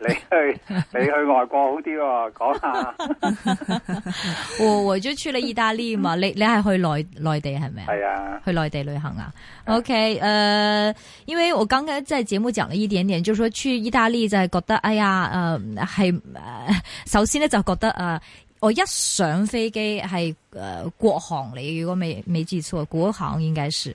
你去你去外國好啲喎、哦，講下。我 我就去了意大利嘛？ 你你係去內內地係咪？係啊，去內地旅行啊。啊 OK，誒、呃，因為我剛剛在節目講了一點點，就說去意大利，就係覺得哎呀，誒、呃、係、呃，首先呢就覺得啊、呃，我一上飛機係誒國航嚟，如果未未記錯，國航應該是。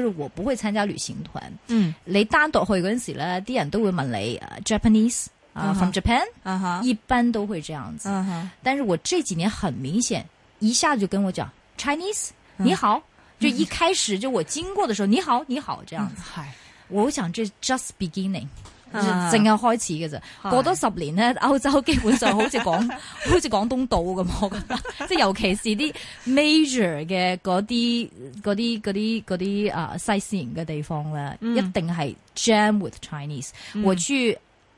就是我不會參加旅行團，嗯，你單獨去嗰陣時咧，啲人都會問你、啊、Japanese 啊、uh, uh huh.，from Japan，啊哈、uh，huh. 一般都會這樣子，啊哈、uh，huh. 但是我這幾年很明顯，一下子就跟我講 Chinese，uh huh. 你好，就一開始就我經過的時候，你好，你好，這樣子，嗨、uh huh. 我想這 just beginning。淨係、啊、開始嘅啫，過多十年咧，歐洲基本上好似廣好似廣東島咁。 我覺得，即係尤其是啲 major 嘅嗰啲嗰啲啲啲啊西線嘅地方咧，嗯、一定係 jam with Chinese，我、嗯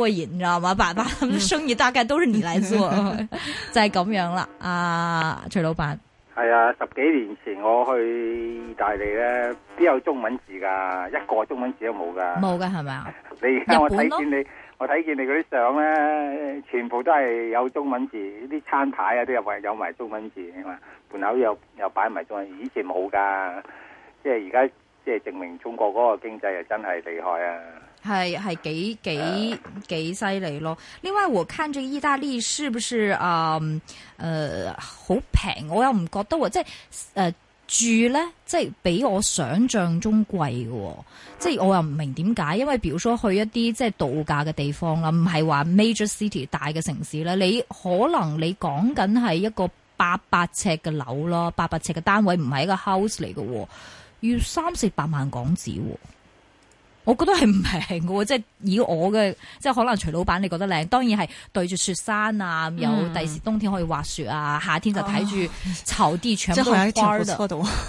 過癮，你知道嗎？把把他們生意大概都是你嚟做，就係咁樣啦。啊，徐老闆，係啊，十幾年前我去意大利咧，邊有中文字噶？一個中文字都冇噶，冇噶係咪啊？你而家我睇見你，我睇見你嗰啲相咧，全部都係有中文字，啲餐牌啊，都有有埋中文字係嘛？門口又又擺埋中文字，以前冇噶，即係而家，即係證明中國嗰個經濟係真係厲害啊！係係幾幾幾犀利咯！另外，我看住意大利是不是啊？誒、呃，好、呃、平，我又唔覺得喎。即係誒、呃、住咧，即係比我想象中貴喎。即係我又唔明點解，因為比如說去一啲即係度假嘅地方啦，唔係話 major city 大嘅城市咧。你可能你講緊係一個八百尺嘅樓咯，八百尺嘅單位唔係一個 house 嚟嘅喎，要三四百萬港紙。我覺得係唔平嘅，即係以我嘅，即係可能徐老闆你覺得靚，當然係對住雪山啊，嗯、有第時冬天可以滑雪啊，夏天就睇住草地全部開花的，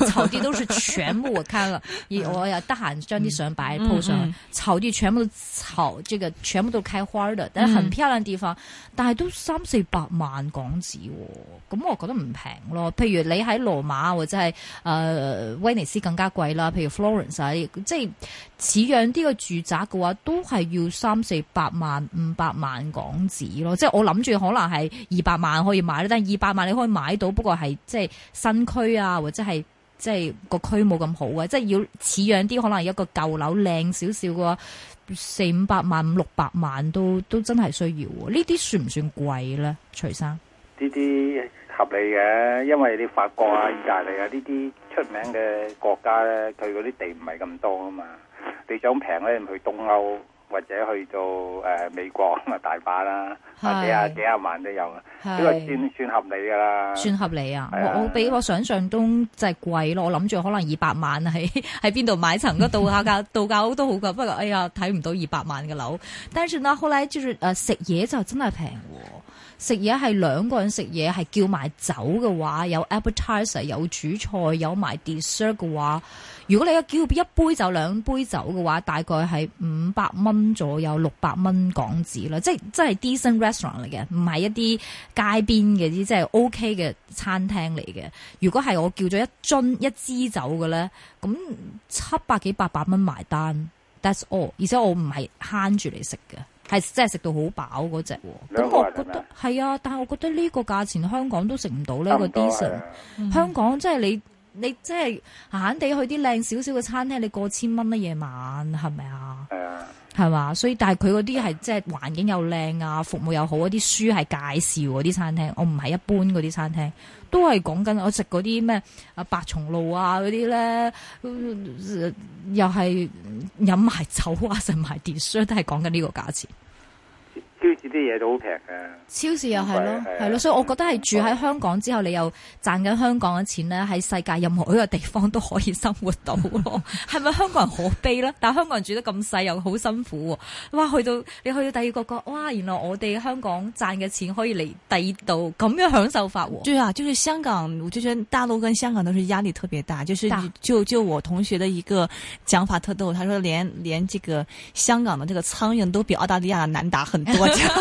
草、哦、 地都是全部都開了，嗯、而我又得閒，將啲相擺鋪上草地全部都草，即、這、係、個、全部都開花的，但係很漂亮的地方，嗯、但係都三四百萬港紙，咁、哦、我覺得唔平咯。譬如你喺羅馬或者係、呃、威尼斯更加貴啦，譬如 Florence 啊，即係似樣。呢個住宅嘅話，都係要三四百萬、五百萬港紙咯。即係我諗住可能係二百萬可以買，但係二百萬你可以買到，不過係即係新區啊，或者係即係個區冇咁好啊。即係要似樣啲，可能一個舊樓靚少少嘅話，四五百萬、五六百萬都都真係需要。呢啲算唔算貴呢？徐生？呢啲合理嘅，因為你法國啊、意大利啊呢啲出名嘅國家咧，佢嗰啲地唔係咁多啊嘛。你想平咧，你去東歐或者去到誒、呃、美國啊，大把啦，是或者啊幾廿萬都有，呢是個算算合理噶啦，算合理啊！啊我，我比我想象中就係貴咯，我諗住可能二百萬喺喺邊度買層嗰度假教度假屋都好噶，不過哎呀睇唔到二百萬嘅樓。但算啦，後來就算誒食嘢就真係平。食嘢，係兩個人食嘢，係叫埋酒嘅話，有 appetizer 有主菜有埋 dessert 嘅話，如果你係叫一杯酒兩杯酒嘅話，大概係五百蚊左右六百蚊港紙啦，即係即係 decent restaurant 嚟嘅，唔係一啲街邊嘅啲，即係 OK 嘅餐廳嚟嘅。如果係我叫咗一樽一支酒嘅咧，咁七百幾八百蚊埋單，that's all，而且我唔係慳住嚟食嘅。係真係食到好飽嗰隻喎，咁我覺得係啊，但係我覺得呢個價錢香港都食唔到呢個 dessert、嗯、香港即係你你即係閒閒地去啲靚少少嘅餐廳，你過千蚊啊夜晚係咪啊？係啊。係嘛？所以但係佢嗰啲係即係環境又靚啊，服務又好。嗰啲書係介紹嗰啲餐廳，我唔係一般嗰啲餐廳，都係講緊我食嗰啲咩啊白松露啊嗰啲咧，又係飲埋酒啊食埋 dessert，都係講緊呢個價錢。啲嘢都好平嘅，超市又係咯，係咯，所以我覺得係住喺香港之後，嗯、你又賺緊香港嘅錢咧，喺世界任何一個地方都可以生活到咯。係咪 香港人可悲咧？但係香港人住得咁細又好辛苦喎。哇，去到你去到第二個國，哇，原來我哋香港賺嘅錢可以嚟第二度咁樣享受法喎。對啊，就是香港，我覺得大陸跟香港都是壓力特別大。就是就就我同學的一個講法特逗，佢話：連連這個香港的這個蒼蠅都比澳大利亞難打很多。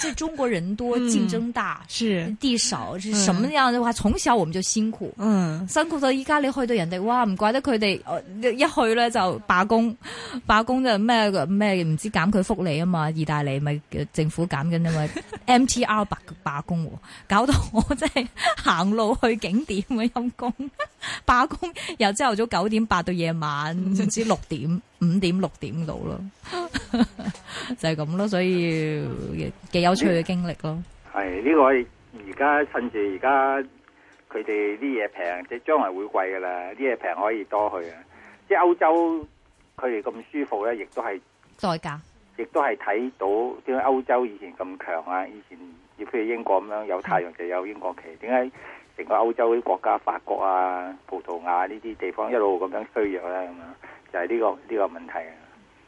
即係中國人多競、嗯、爭大，是地少，是手、嗯、什麼樣嘅話，從小我們就辛苦。嗯，辛苦到依家你去到人哋哇，唔怪得佢哋、呃、一去咧就罷工，罷工就咩咩唔知減佢福利啊嘛，意大利咪政府減緊啊嘛 ，M T R 罷罷工，搞到我真係行路去景點啊陰功，罷工由朝頭早九點八到夜晚唔知六點五點六點到咯， 就係咁咯，所以幾有。有趣嘅經歷咯，係呢個而家趁住而家佢哋啲嘢平，即係將來會貴噶啦，啲嘢平可以多去啊！即係歐洲佢哋咁舒服咧，亦都係代價，亦都係睇到點解歐洲以前咁強啊？以前要譬如英國咁樣有太陽就有英國旗，點解成個歐洲啲國家法國啊、葡萄牙呢啲地方一路咁樣衰弱咧？咁啊，就係呢個呢個問題啊！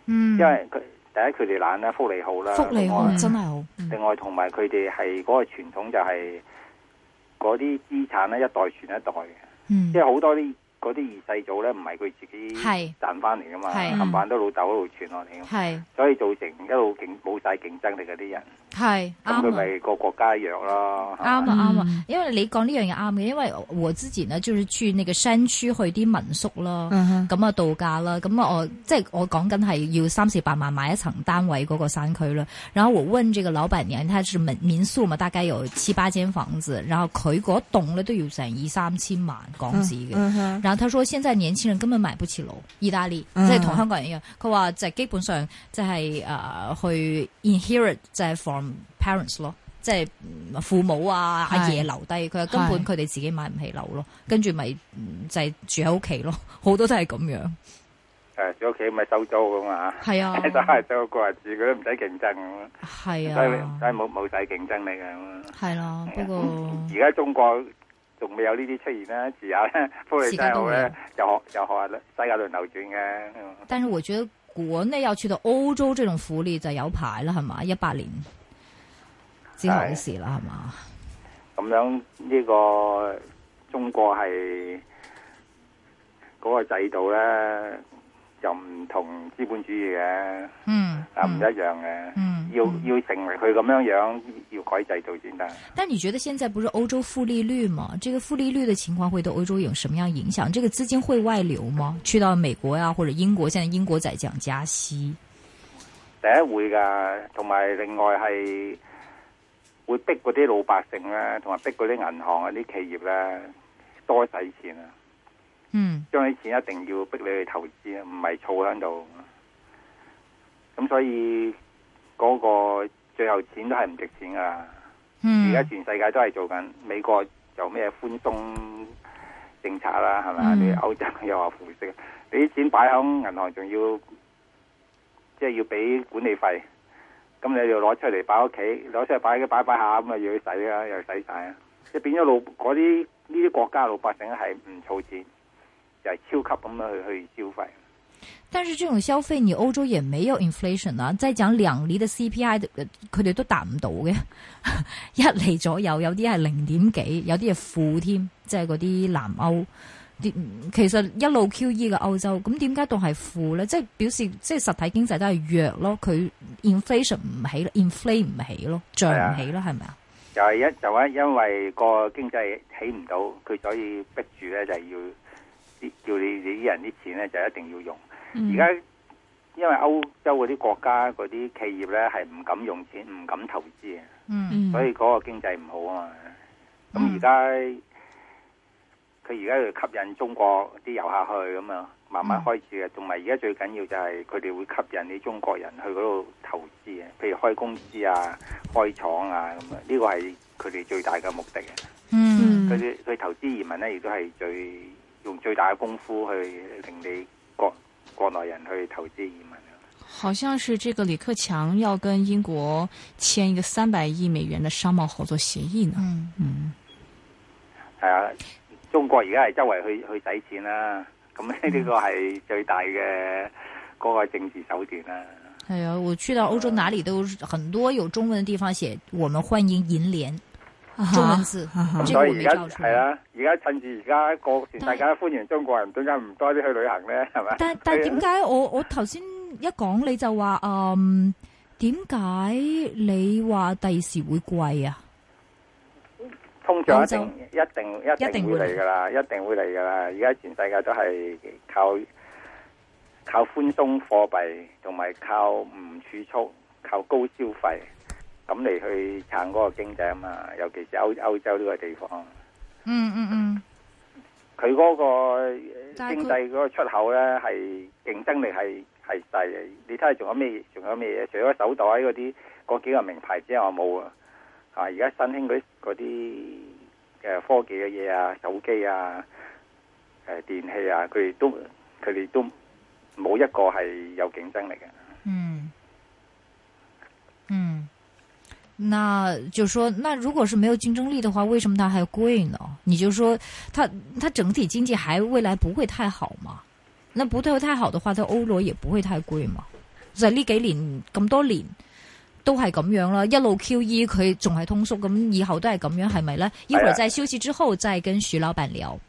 嗯，因為佢。第一佢哋懶啦，懶福利好啦，福利我、嗯、真係好。嗯、另外同埋佢哋係嗰個傳統就係嗰啲資產咧一代傳一代嘅，嗯、即係好多啲啲二世祖咧唔係佢自己賺翻嚟噶嘛，冚唪唥是都老豆嗰度傳落嚟。係是所以造成一路競冇晒競爭力啲人。係，佢咪是個國家一樣咯？啱啊，啱啊，因為你講呢樣嘢啱嘅，因為我之前呢，就是住呢個山區去啲民宿啦，咁啊、嗯、哼度假啦，咁啊我即係、就是、我講緊係要三四百萬買一層單位嗰個山區啦。然後我問住個老闆娘，佢係做民宿嘛？大概有七八間房子，然後佢嗰棟咧都要成二三千萬港紙嘅。嗯、哼然後他說，現在年輕人根本買不起樓。意大利即係同香港人一樣，佢話、嗯、哼就基本上即係誒去 inherit 就係房。parents 咯，即係父母啊，母啊是阿爺留低佢，根本佢哋自己買唔起樓咯，跟是住咪就係住喺屋企咯，好多都係咁樣。誒，住屋企咪收租咁啊？係啊，就過日子，佢都唔使競爭咁。係啊，唔使冇冇使競爭嚟嘅。係啦、啊，是啊、不過而家中國仲未有呢啲出現啦，之後咧福利又學又學下世界輪流轉嘅。但係我覺得國內要去到歐洲呢種福利就有排啦，係嘛？一八年。事啦，係嘛？咁樣呢、這個中國係嗰、那個制度咧，就唔同資本主義嘅，嗯，啊唔一樣嘅，嗯，要嗯要成為佢咁樣樣，要改制度先得。但你覺得現在不是歐洲負利率嘛？這個負利率的情況會對歐洲有什麼樣影響？這個資金會外流嗎？去到美國呀、啊，或者英國？現在英國在講加息，第一會噶，同埋另外係。會逼嗰啲老百姓咧，同埋逼嗰啲銀行啊、啲企業咧，多使錢啊！嗯，將啲錢一定要逼你去投資，唔係儲喺度。咁所以嗰個最後錢都係唔值錢㗎喇！嗯，而家全世界都係做緊，美國有咩寬鬆政策啦、啊，係咪、嗯？你歐洲又話負息，你啲錢擺喺銀行仲要，即係要俾管理費。咁你就攞出嚟擺屋企，攞出嚟擺嘅擺擺下，咁啊要去洗啦，又要洗晒啊！即係變咗老嗰啲呢啲國家老百姓係唔儲錢，又、就、係、係、超級咁樣去去消費。但係這種消費，你歐洲也沒有 inflation 啦、啊，再講兩厘的 CPI，佢哋都達唔到嘅， 一厘左右，有啲係零點幾，有啲係負添，即係嗰啲南歐。其實一路 QE 嘅歐洲，咁點解都係負咧？即係表示即係實體經濟都係弱咯，佢 inflation 唔起咯，inflate 唔起咯，漲唔起咯，係咪啊？就係一就話因為個經濟起唔到，佢所以逼住咧就係要啲叫你你啲人啲錢咧就一定要用。而家因為歐洲嗰啲國家嗰啲企業咧係唔敢用錢，唔敢投資啊，所以嗰個經濟唔好啊嘛。咁而家。佢而家要吸引中國啲遊客去咁啊，慢慢開始嘅。同埋、嗯、而家最緊要就係佢哋會吸引啲中國人去嗰度投資啊，譬如開公司啊、開廠啊咁啊。呢、呢個係佢哋最大嘅目的啊。嗯，佢佢投資移民咧，亦都係最用最大嘅功夫去令你國國內人去投資移民。好像是這個李克強要跟英國簽一個三百億美元的商貿合作協議呢？嗯，係啊、嗯。中國而家係周圍去去使錢啦、啊，咁呢個係最大嘅嗰、嗯、個政治手段啦、啊。係啊，我去到歐洲，哪裡都很多有中文嘅地方寫，啊、我們歡迎銀聯，中文字，所以而家係啊，而家趁住而家個時大家歡迎中國人，點解唔多啲去旅行咧？係咪？但但點解我 我頭先一講你就話，嗯，點解你話第時會貴啊？通脹一定一定一定會嚟噶啦，一定會嚟噶啦！而家全世界都係靠靠寬鬆貨幣，同埋靠唔儲蓄、靠高消費咁嚟去撐嗰個經濟啊嘛！尤其是歐歐洲呢個地方，嗯嗯嗯，佢、嗯、嗰、嗯、個經濟嗰個出口咧係競爭力係係細，你睇下仲有咩？仲有咩嘢？除咗手袋嗰啲嗰幾個名牌之外冇啊。啊！而家新興嗰啲嗰啲嘅科技嘅嘢啊，手機啊，誒、呃、電器啊，佢哋都佢哋都冇一個係有競爭力嘅。嗯嗯，那就說，那如果是沒有競爭力的話，為什麼它還貴呢？你就說，它它整體經濟還未來不會太好嘛？那不太太好的話，它歐羅也不會太貴嘛？就係呢幾年咁多年。都係咁樣啦，一路 QE 佢仲係通縮，咁以後都係咁樣係咪咧？一會兒再休息之後再跟徐老闆聊、啊、再跟徐老闆聊。